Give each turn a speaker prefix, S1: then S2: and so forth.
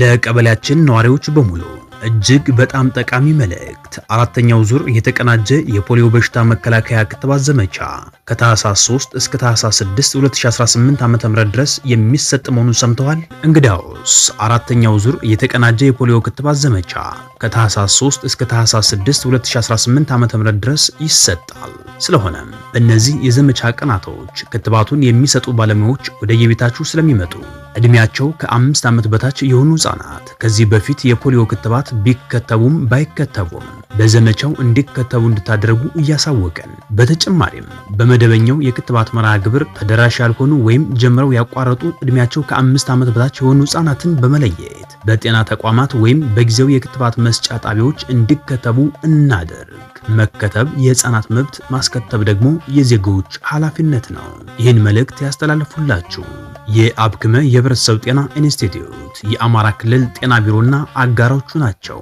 S1: ለቀበሌያችን ነዋሪዎች በሙሉ እጅግ በጣም ጠቃሚ መልእክት። አራተኛው ዙር የተቀናጀ የፖሊዮ በሽታ መከላከያ ክትባት ዘመቻ ከታህሳስ 3 እስከ ታህሳስ 6 2018 ዓ.ም ድረስ የሚሰጥ መሆኑን ሰምተዋል። እንግዳውስ አራተኛው ዙር የተቀናጀ የፖሊዮ ክትባት ዘመቻ ከታህሳስ 3 እስከ ታህሳስ 6 2018 ዓ.ም ድረስ ይሰጣል። ስለሆነም በእነዚህ የዘመቻ ቀናቶች ክትባቱን የሚሰጡ ባለሙያዎች ወደ የቤታችሁ ስለሚመጡ እድሜያቸው ከአምስት ዓመት በታች የሆኑ ህጻናት ከዚህ በፊት የፖሊዮ ክትባት ቢከተቡም ባይከተቡም በዘመቻው እንዲከተቡ እንድታደርጉ እያሳወቀን፣ በተጨማሪም በመደበኛው የክትባት መርሃ ግብር ተደራሽ ያልሆኑ ወይም ጀምረው ያቋረጡ እድሜያቸው ከአምስት ዓመት በታች የሆኑ ህጻናትን በመለየት በጤና ተቋማት ወይም በጊዜው የክትባት መስጫ ጣቢያዎች እንዲከተቡ እናደርግ። መከተብ የህፃናት መብት፣ ማስከተብ ደግሞ የዜጎች ኃላፊነት ነው። ይህን መልእክት ያስተላልፉላችሁ የአብክመ የህብረተሰብ ጤና ኢንስቲትዩት፣ የአማራ ክልል ጤና ቢሮና አጋሮቹ ናቸው።